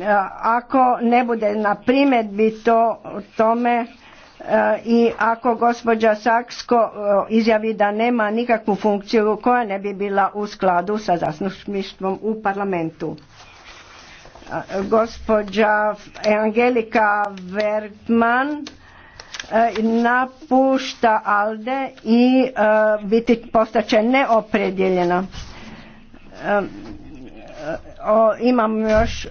E, ako ne bude na primjedbi to tome e, i ako gospođa Saksko e, izjavi da nema nikakvu funkciju koja ne bi bila u skladu sa zastupništvom u parlamentu. Gospođa Angelika Vertman napušta Alde i biti postaće neopredjeljena. Imam još